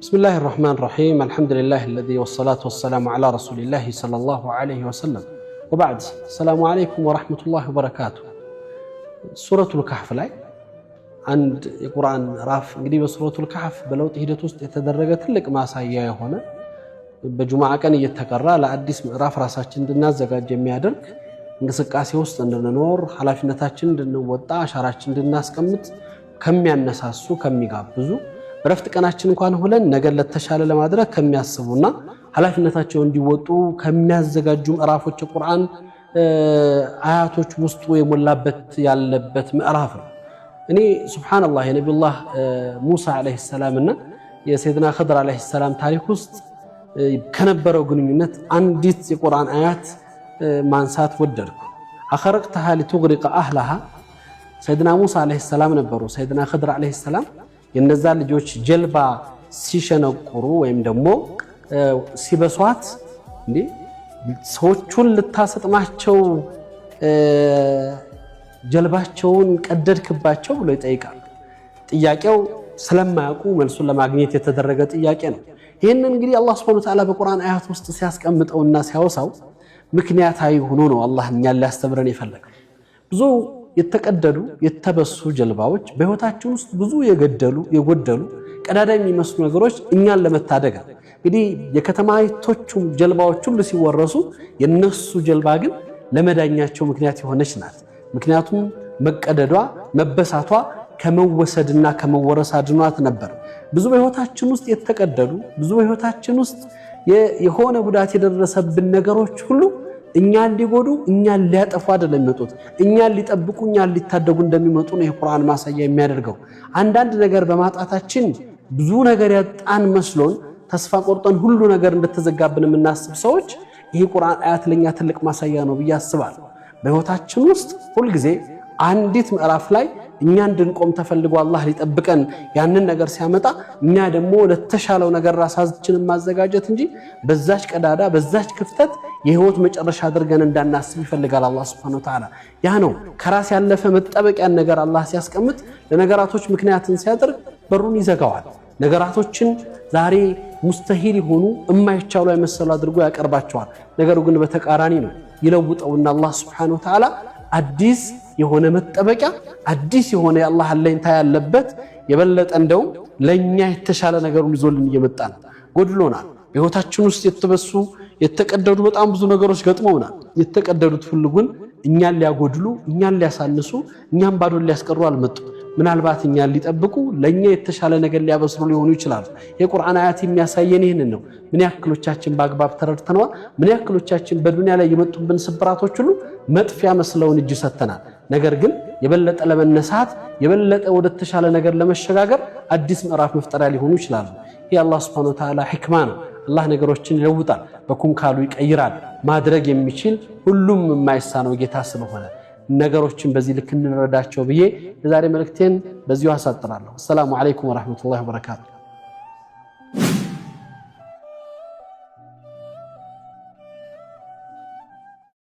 ብስሚላህ ራህማን ራሒም አልሐምዱሊላህ አለዚ ወሰላቱ ወሰላሙ ዓላ ረሱሊላህ ሰለላሁ ዓለይሂ ወሰለም ወባዕድ ሰላሙ ዓለይኩም ወራህመቱላህ ወበረካቱ። ሱረቱል ካህፍ ላይ አንድ የቁርአን ምዕራፍ እንግዲህ በሱረቱል ካህፍ በለውጥ ሂደት ውስጥ የተደረገ ትልቅ ማሳያ የሆነ በጁምዓ ቀን እየተቀራ ለአዲስ ምዕራፍ ራሳችን እንድናዘጋጅ የሚያደርግ እንቅስቃሴ ውስጥ እንድንኖር ኃላፊነታችን እንድንወጣ አሻራችን እንድናስቀምጥ ከሚያነሳሱ ከሚጋብዙ በረፍት ቀናችን እንኳን ሁለን ነገር ለተሻለ ለማድረግ ከሚያስቡና ኃላፊነታቸው እንዲወጡ ከሚያዘጋጁ ምዕራፎች የቁርአን አያቶች ውስጡ የሞላበት ያለበት ምዕራፍ ነው። እኔ ሱብሓነላህ የነቢዩላህ ሙሳ ዓለይሂ ሰላም እና የሰይድና ኸድር ዓለይሂ ሰላም ታሪክ ውስጥ ከነበረው ግንኙነት አንዲት የቁርአን አያት ማንሳት ወደድኩ። አኸረቅተሃ ሊቱግሪቀ አህላሃ ሰይድና ሙሳ ዓለይሂ ሰላም ነበሩ። ሰይድና ኸድር ዓለይሂ ሰላም የነዛ ልጆች ጀልባ ሲሸነቁሩ ወይም ደግሞ ሲበሷት እንዴ ሰዎቹን ልታሰጥማቸው ጀልባቸውን ቀደድክባቸው ብሎ ይጠይቃል። ጥያቄው ስለማያውቁ መልሱን ለማግኘት የተደረገ ጥያቄ ነው። ይህንን እንግዲህ አላህ ሱብሐነሁ ወተዓላ በቁርአን አያት ውስጥ ሲያስቀምጠውና ሲያወሳው ምክንያታዊ ሆኖ ነው አላህ እኛን ሊያስተምረን የፈለገው ብዙ የተቀደዱ የተበሱ ጀልባዎች በህይወታችን ውስጥ ብዙ የገደሉ የጎደሉ ቀዳዳ የሚመስሉ ነገሮች እኛን ለመታደግ እንግዲህ የከተማይቶቹም ጀልባዎች ሁሉ ሲወረሱ የነሱ ጀልባ ግን ለመዳኛቸው ምክንያት የሆነች ናት። ምክንያቱም መቀደዷ መበሳቷ ከመወሰድና ከመወረስ አድኗት ነበር። ብዙ በህይወታችን ውስጥ የተቀደዱ ብዙ በህይወታችን ውስጥ የሆነ ጉዳት የደረሰብን ነገሮች ሁሉ እኛን ሊጎዱ እኛን ሊያጠፉ አይደለም የሚመጡት። እኛን ሊጠብቁ እኛን ሊታደጉ እንደሚመጡ ነው የቁርአን ማሳያ የሚያደርገው። አንዳንድ ነገር በማጣታችን ብዙ ነገር ያጣን መስሎን ተስፋ ቆርጠን ሁሉ ነገር እንደተዘጋብን የምናስብ ሰዎች ይህ ቁርአን አያት ለኛ ትልቅ ማሳያ ነው ብዬ አስባል። በህይወታችን ውስጥ ሁልጊዜ አንዲት ምዕራፍ ላይ እኛ እንድንቆም ተፈልጎ አላህ ሊጠብቀን ያንን ነገር ሲያመጣ እኛ ደግሞ ለተሻለው ነገር ራሳችንን ማዘጋጀት እንጂ በዛች ቀዳዳ በዛች ክፍተት የህይወት መጨረሻ አድርገን እንዳናስብ ይፈልጋል አላህ ሱብሓነሁ ወተዓላ። ያ ነው ከራስ ያለፈ መጠበቂያን ነገር አላህ ሲያስቀምጥ ለነገራቶች ምክንያትን ሲያደርግ በሩን ይዘጋዋል። ነገራቶችን ዛሬ ሙስተሂል የሆኑ እማይቻሉ አይመሰሉ አድርጎ ያቀርባቸዋል። ነገሩ ግን በተቃራኒ ነው። ይለውጠውና አላህ ሱብሓነሁ ወተዓላ አዲስ የሆነ መጠበቂያ አዲስ የሆነ የአላህ አለኝታ ያለበት የበለጠ እንደውም ለእኛ የተሻለ ነገሩን ይዞልን እየመጣ ነው። ጎድሎናል። በህይወታችን ውስጥ የተበሱ የተቀደዱ በጣም ብዙ ነገሮች ገጥመውናል። የተቀደዱት ሁሉ ግን እኛን ሊያጎድሉ፣ እኛን ሊያሳንሱ፣ እኛን ባዶ ሊያስቀሩ አልመጡም። ምናልባት እኛን ሊጠብቁ ለእኛ የተሻለ ነገር ሊያበስሩ ሊሆኑ ይችላሉ። የቁርአን አያት የሚያሳየን ይህንን ነው። ምን ያክሎቻችን በአግባብ ተረድተነዋል? ምን ያክሎቻችን በዱንያ ላይ የመጡብን ስብራቶች ሁሉ መጥፊያ መስለውን እጅ ሰጥተናል? ነገር ግን የበለጠ ለመነሳት የበለጠ ወደ ተሻለ ነገር ለመሸጋገር አዲስ ምዕራፍ መፍጠሪያ ሊሆኑ ይችላሉ። ይህ አላህ ሱብሓነሁ ወተዓላ ሕክማ ነው። አላህ ነገሮችን ይለውጣል፣ በኩም ካሉ ይቀይራል። ማድረግ የሚችል ሁሉም የማይሳነው ጌታ ስለሆነ ነገሮችን በዚህ ልክ እንረዳቸው ብዬ የዛሬ መልእክቴን በዚሁ አሳጥራለሁ። አሰላሙ ዓለይኩም ወረሕመቱላሂ ወበረካቱ።